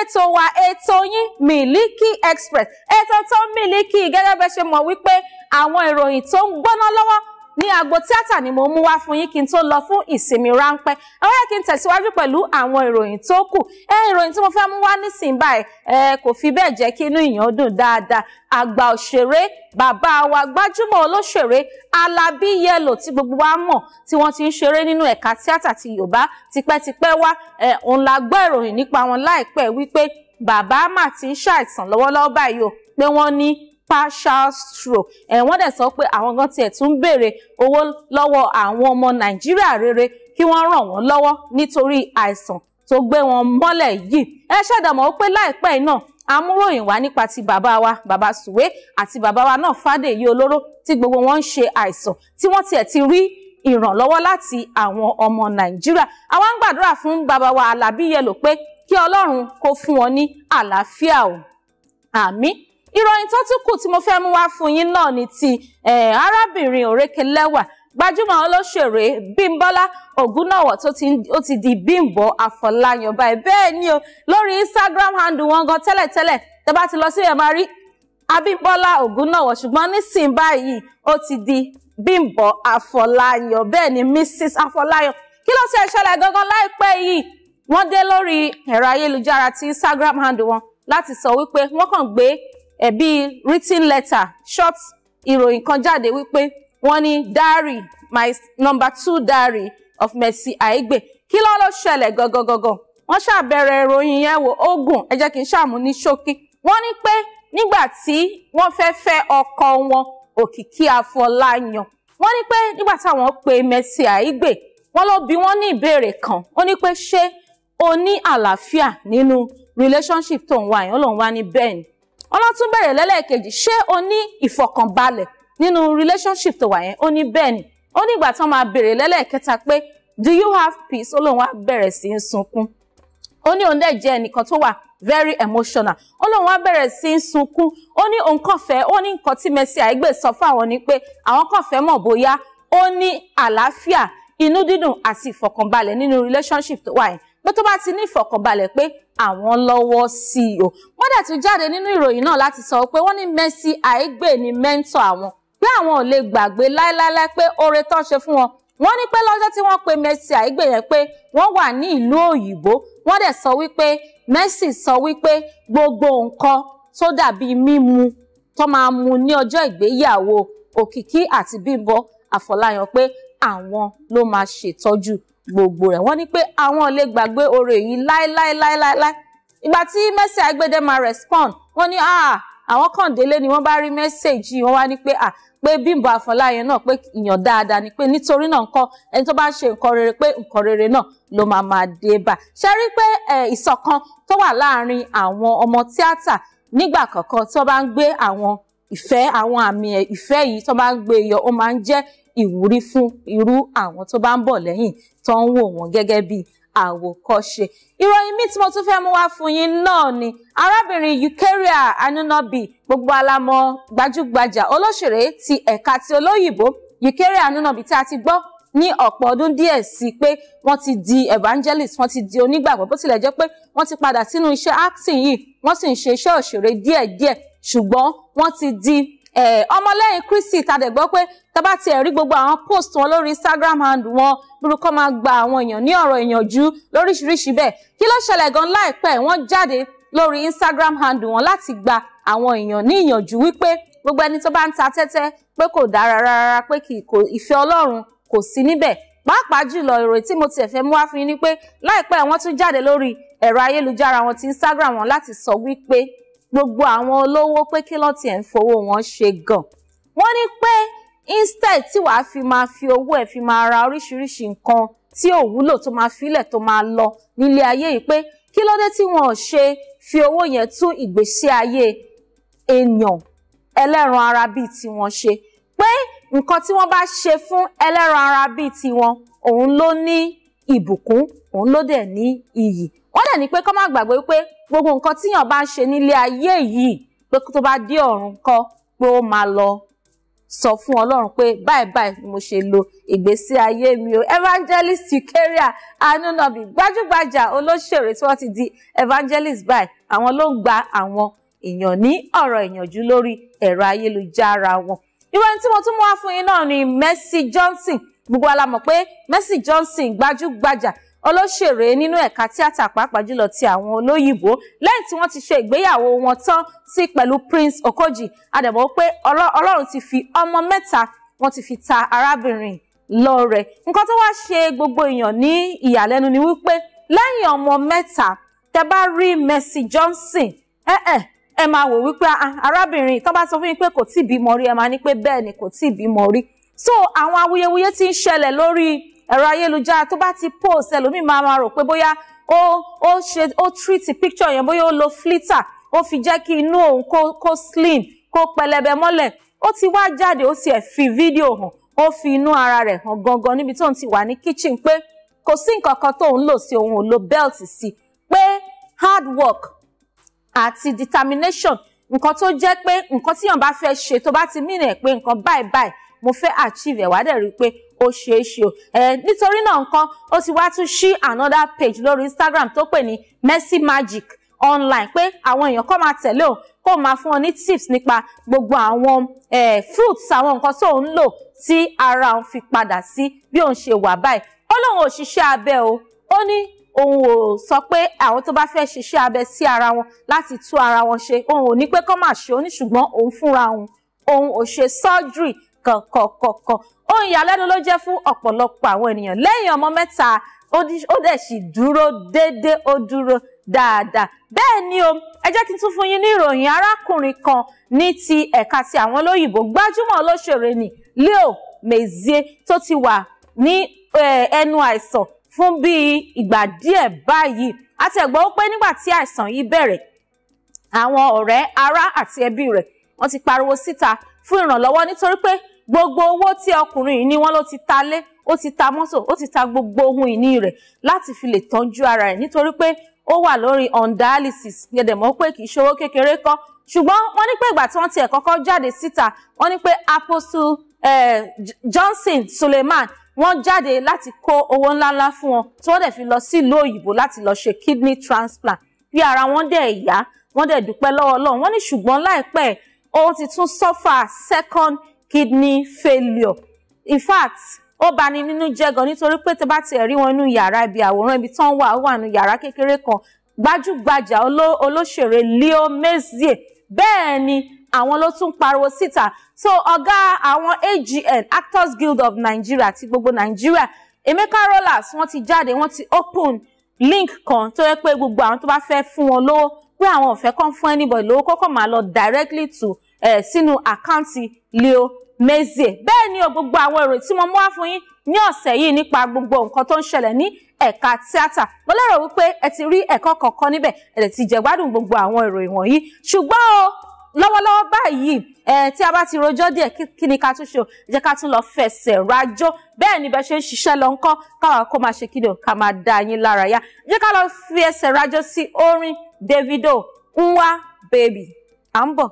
ètò wa ètò yín Miliki Express ètò tó Miliki gẹ́gẹ́ bẹ́ ṣe mọ̀ wípé àwọn ìròyìn tó ń gbóná lọ́wọ́ ní agbo tíátà ni mo mú wá fún yín kí n tó lọ fún ìsinmi ráńpẹ́ àwọn yẹ kí n tẹ̀síwájú pẹ̀lú àwọn ìròyìn tó kù ẹ ìròyìn tí mo fẹ́ mú wá nísìnyí báyìí ẹ kò fi bẹ́ẹ̀ jẹ́ kí inú ìyàn dùn dáadáa àgbà òṣèré bàbá wa gbajúmọ̀ olóṣèré Alábí Yẹlò tí gbogbo wa mọ̀ tí wọ́n ti ń ṣeré nínú ẹ̀ka tíátà ti Yorùbá tipẹ́tipẹ́ wá ẹ̀ òun la gbọ́ ìròyìn nípa wọn láìpẹ́ wípé bàbá mà ti ń ṣàìsàn lọ́wọ́lọ́wọ́ báyìí o pé wọ́n ní partial stroke ẹ̀ wọ́n dẹ̀ sọ pé àwọn gan tiẹ̀ tún béèrè owó lọ́wọ́ àwọn ọmọ nàìjíríà rere kí wọ́n ràn wọ́n lọ́wọ́ nítorí àìsàn tó gbé wọn mọ́lẹ̀ yìí ẹ ṣàdàmọ́ pé láìpẹ́ yìí náà amúròyìn wá nípa ti bàbá wa bàbá sùwé àti bàbá wa náà fàdèyí olóró tí gbogbo wọn ń ṣe àìsàn tí wọ́n tiẹ̀ ti rí ìrànlọ́wọ́ láti àwọn ọmọ nàìjíríà àwa ń gbàdúrà fún bàbá wa alábí yẹlò pé kí ọlọ́run kó fún wọn ní àlàáfíà o àmín ìròyìn tó tún kù tí mo fẹ́ mú wá fún yín náà ni ti eh, arábìnrin òrékelẹ́wà gbajúmọ̀ olóṣèré bímbọ́lá ògúnnàwọ̀ tó ti di bímbọ́ àfọláyàn báyìí bẹ́ẹ̀ ni o lórí instagram handle wọn gan tẹ́lẹ̀tẹ́lẹ̀ tẹ́ bá ti lọ sí ẹ̀ máa rí abímbọ́lá ògúnnàwọ̀ ṣùgbọ́n nísìnyí báyìí ó ti di bímbọ́ àfọláyàn bẹ́ẹ̀ ni mrs àfọláyàn kí ló ṣe ṣẹlẹ̀ gangan láìpẹ́ yìí wọ́n dé lórí ẹ̀rọ ayélujára ti instagram handle wọn láti sọ wípé wọ́n kàn gbé ẹ̀bí written letter short ìròyìn kan jáde wípé wọ́n ní diary my number two diary of Mercy Aigbe kí ló ló ṣẹlẹ̀ gọ́gọ́gọ́gọ́ wọ́n ṣàbẹ̀rẹ̀ ìròyìn yẹn wò ogun ẹ jẹ́ kí n ṣàmú ní ṣókí wọ́n ní pé nígbà tí wọ́n fẹ́ fẹ́ ọkọ wọn Òkìkí Afọláyàn wọ́n ní pé nígbà táwọn pe Mercy Aigbe wọ́n ló bi wọ́n ní ìbéèrè kan ó ní pé ṣé o ní àlàáfíà nínú relationship tó ń wá yẹn ó lóun wá ní bẹ́ẹ̀ ni ọlátúnbẹ̀rẹ̀ lẹ́lẹ́kejì ṣé o ní ìfọ̀kànbalẹ̀ nínú relationship tó wà yẹn ó ní bẹ́ẹ̀ ni ó ní ìgbà tí wọ́n máa béèrè lẹ́lẹ́kẹta pé do you have peace ó lóun wá bẹ̀rẹ̀ sí í sunkún ó ní òun dẹ̀ jẹ́ ẹnìkan tó wà very emotional ó lóun wá bẹ̀rẹ̀ sí í sunkún ó ní òun kàn fẹ́ ó ní nǹkan tí Mercy Aigbe sọ fún àwọn ni pé àwọn kàn fẹ́ mọ̀ bóyá ó ní àlàáfíà inú dídùn àti ìfọ̀kànbalẹ̀ nínú relationship tó wà yẹn pé tó bá ti ní ìfọ̀kànbalẹ̀ pé àwọn lọ́wọ́ sí i o wọ́n dẹ̀ tún jáde nínú ìròyìn náà láti sọ pé wọ́n ní Mercy Aigbe ni mẹ́ńtọ̀ àwọn pé àwọn ò lè gbàgbé láéláéláé pé oore tó ń ṣe fún wọn wọ́n ní pé lọ́jọ́ tí wọ́n pe Mercy Aigbe yẹn pé wọ́n wà ní ìlú òyìnbó wọ́n dẹ̀ sọ wípé Mercy sọ wípé gbogbo nǹkan tó dàbí mímu tó máa mu ní ọjọ́ ìgbéyàwó Òkìkí àti Bímbọ́ Àfọláyàn gbogbo rẹ̀ wọ́n ní pé àwọn ò lè gbàgbé oore yìí láéláéláéláé ìgbà tí Mercy Aigbe máa respond wọ́n ní ah, àwọn kan délé ni wọ́n bá rí mẹ́sẹ̀gì wọ́n wá ní pé ah, pé Bímbọ́ Afọláyàn náà pé ìyàn dáadáa ni pé nítorí náà nǹkan ẹni tó bá ń ṣe nǹkan rere pé nǹkan rere náà ló máa máa dé bá ṣe rí pé eh, ìṣọ̀kan tó wà láàárín àwọn ọmọ tíátà nígbà kọ̀ọ̀kan tó bá ń gbé àwọn ìfẹ́ àwọn àmì eh, ìfẹ́ yìí tó bá ń gbé yọ ó máa ń jẹ́ ìwúrí fún irú àwọn tó bá ń bọ̀ lẹ́yìn tó ń wò wọ́n gẹ́gẹ́ bí àwòkọ́ṣe. ìròyìn mi tí mo tún fẹ́ mú wá fún yín náà ni arábìnrin Eukeria Anunobi gbogbo alamọ̀ gbajúgbajà olóṣèré ti ẹ̀ka ti olóyìnbó Eukeria Anunobi tí a ti gbọ́ ní ọ̀pọ̀ ọdún díẹ̀ sí pé wọ́n ti di evangelist wọ́n ti di onígbàgbọ́ bó tilẹ̀ jẹ́ pé wọ́n ti padà sínú iṣẹ́ acting yìí wọ́n sì ń ṣe iṣẹ́ òṣèré díẹ̀díẹ̀ ṣùgbọ́n wọ́n ti di ọmọlẹ́yìn Kristi tàdẹ̀gbọ́ pé tábà tiẹ̀ rí gbogbo àwọn post wọn lórí Instagram handle wọn burúkọ máa gba àwọn èèyàn ní ọ̀rọ̀ ìyànjú lóríṣiríṣi bẹ́ẹ̀ kí ló ṣẹlẹ̀ gan láìpẹ́ wọ́n jáde lórí Instagram handle wọn láti gba àwọn èèyàn ní ìyànjú wípé gbogbo ẹni tó bá ń ta tẹ́tẹ́ pé kò dára rárá pé kì í ìfẹ́ Ọlọ́run kò sí níbẹ̀ pàápàá jùlọ ìròyìn tí mo tiẹ̀ fẹ́ mú wá fún yín ni pé láìpẹ́ wọ́n tún jáde lórí ẹ̀rọ ayélujára wọn ti Instagram wọn láti sọ wípé gbogbo àwọn olówó pé kí ló tiẹ̀ ń fowó wọn ṣe gan wọ́n ní pé instead tí wàá fi máa fi owó ẹ̀ fi máa ra oríṣiríṣi nǹkan tí ò wúlò tó máa filẹ̀ tó máa lọ nílé ayé yìí pé kí ló dé tí wọn ò ṣe fi owó yẹn tún ìgbésí ayé èèyàn ẹlẹ́ran ara bíi tiwọn ṣe pé nǹkan tí wọ́n bá ṣe fún ẹlẹ́ran ara bíi tiwọn òun ló ní ìbùkún òun ló dẹ̀ ní iyì wọ́n dẹ̀ ní pé kọ́ má gbàgbé wípé gbogbo nǹkan tíyàn bá ń ṣe nílé ayé yìí pé tó bá dé ọ̀run kọ́ pé ó máa lọ sọ fún ọlọ́run pé báyìí báyìí mo ṣe lo ìgbésí ayé mi o evangelist Eucharia Anunobi gbajúgbajà olóṣèré tí wọ́n ti di evangelist báyìí àwọn ló ń gba àwọn èèyàn ní ọ̀rọ̀ ìyànjú lórí ẹ̀rọ ayélujára wọn ìròyìn tí mo tún mú wá fún yín náà ni Mercy Johnson gbogbo alamọ̀ pé Mercy Johnson gbajúgbajà olóṣèré nínú ẹ̀ka tíátà pàápàá jùlọ ti àwọn olóyìnbó lẹ́yìn tí wọ́n ti ṣe ìgbéyàwó wọn tán sí pẹ̀lú Prince Okoji àdẹ̀mọ́ pé Ọlọ́run ti fi ọmọ mẹ́ta wọ́n ti fi ta arábìnrin lọ́rẹ nǹkan tó wá ṣe gbogbo èèyàn ní ìyàlẹ́nu ni wípé lẹ́yìn ọmọ mẹ́ta tẹ bá rí Mercy Johnson ẹ ẹ ẹ máa wò wípé ah, ah, arábìnrin tó bá sọ fún yín pé kò tíì bímọ rí ẹ máa ní pé bẹ́ẹ̀ ni kò tíì bímọ rí so àwọn awuyewuye ti ń ṣẹlẹ̀ lórí ẹ̀rọ ayélujára tó bá ti post ẹlòmíì máa máa rò pé bóyá ó ó ṣe ó treat picture yẹn bóyá ó lo flitter ó fi jẹ́ kí inú òun kó kó slim kó pẹlẹbẹ mọ́lẹ̀ ó ti wá jáde ó tiẹ̀ fi fídíò hàn ó fi inú ara rẹ̀ hàn gangan níbi tóun ti wà ní kitchen pé kò sí nǹkan kan tóun lò sí òun ò lo belt sí pé hard work àti determination nǹkan tó jẹ́ pé nǹkan tíyàn bá fẹ́ ṣe tó bá ti mìíràn pé nǹkan báyìí báyìí mo fẹ́ achieve ẹ̀ wá dẹ̀ rí i pé ó ṣeé ṣe o nítorí náà nǹkan ó ti wá tún ṣí another page lórí Instagram tó pè ní Mercy Magic online pé àwọn èèyàn kọ́ máa tẹ̀lé o kó máa fún ọ ní tips nípa gbogbo àwọn fruits àwọn nǹkan tó ń lò tí ara òun fi padà sí bí òun ṣe wà báyìí ó lóun ò abẹ o ó ní òun ò sọ pé àwọn tó bá fẹ́ ṣiṣẹ́ abẹ sí ara wọn láti tú ara wọn ṣe òun ò ní pé kọ́ máa ṣe ó òun fúnra òun òun ò ṣe surgery kọ̀kọ̀kọ̀kọ̀ ohun ìyàlẹ́nu ló jẹ́ fún ọ̀pọ̀lọpọ̀ àwọn ènìyàn lẹ́yìn ọmọ mẹ́ta ó dẹ̀ sì dúró déédé ó dúró dáadáa bẹ́ẹ̀ ni o ẹ jẹ́ kí n tún fún yín ní ìròyìn arákùnrin kan ní ti ẹ̀ka ti àwọn olóyìnbó gbajúmọ̀ olóṣèré ni Leo Mezie tó ti wà ní ẹnu àìsàn fún bíi ìgbà díẹ̀ báyìí àti ẹ̀gbọ́n ó pé nígbà tí àìsàn yìí bẹ̀rẹ̀ àwọn ọ̀rẹ́ ará àti ẹbí rẹ̀ wọ́n ti pariwo síta fún ìrànlọ́wọ́ nítorí pé gbogbo owó tí ọkùnrin yìí ní wọ́n ló ti ta lé ó ti ta mọ́tò ó ti ta gbogbo ohun ìní rẹ̀ láti fi lè tọ́jú ara rẹ̀ nítorí pé ó wà lórí on dialysis gẹ̀dẹ̀mọ́ pé kì í ṣowó kékeré kọ́ ṣùgbọ́n wọ́n ní pé ìgbà tí wọ́n tiẹ̀ kọ́kọ́ jáde síta wọ́n ní pé apostle eh, Johnson Suleiman wọ́n jáde láti kó owó ńláńlá fún wọn tí wọ́n dẹ̀ fi lọ sílùú òyìnbó láti lọ ṣe kidney transplant bí ara wọn dẹ̀ yá wọ́n dẹ̀ dúpẹ́ lọ́wọ́ Ọlọ́run wọ́n ní ṣùgbọ́n láìpẹ́ ó ti tún suffer second kidney failure in fact ó bani nínú jẹ́ gan nítorí pé tẹ́ bá tiẹ̀ rí wọn nínú yàrá ibi àwòrán ibi tán wà ó wà nínú yàrá kékeré kan gbajúgbajà olóṣèré Leo Mezie bẹ́ẹ̀ ni àwọn ló tún pariwo síta so ọ̀gá àwọn AGN Actors Guild of Nigeria ti gbogbo Nigeria Emeka Rollas wọ́n ti jáde wọ́n ti open link kan tó yẹ pé gbogbo àwọn tó bá fẹ́ fún wọn lówó pé àwọn ò fẹ́ kàn fún anybody lówó kọ́kọ́ máa lọ directly to eh, sínú àkáǹtì Leo Mezie bẹ́ẹ̀ ni o gbogbo àwọn èrò tí mo mú wá fún yín ní ọ̀sẹ̀ yìí nípa gbogbo nǹkan tó ń ṣẹlẹ̀ ní ẹ̀ka tíátà mo lérò wípé ẹ ti rí ẹ̀kọ́ kọ̀ọ̀kan níbẹ̀ ẹ ti jẹ̀gbádùn gbogbo àwọn ìròyìn wọ̀nyí ṣùgbọ́n o lọ́wọ́lọ́wọ́ báyìí ẹ tí a bá ti rojọ́ díẹ̀ kí ni ká tún ṣe o jẹ́ ká tún lọ fẹsẹ̀ rajó bẹ́ẹ̀ ni bẹ́ẹ̀ ṣe ń ṣiṣẹ́ lọ ńkọ́ káwa kó máa ṣe kí ni o ká máa da yín lára yá jẹ́ ká lọ fi ẹsẹ̀ rajó sí orin Davido nwa baby à ń bọ̀.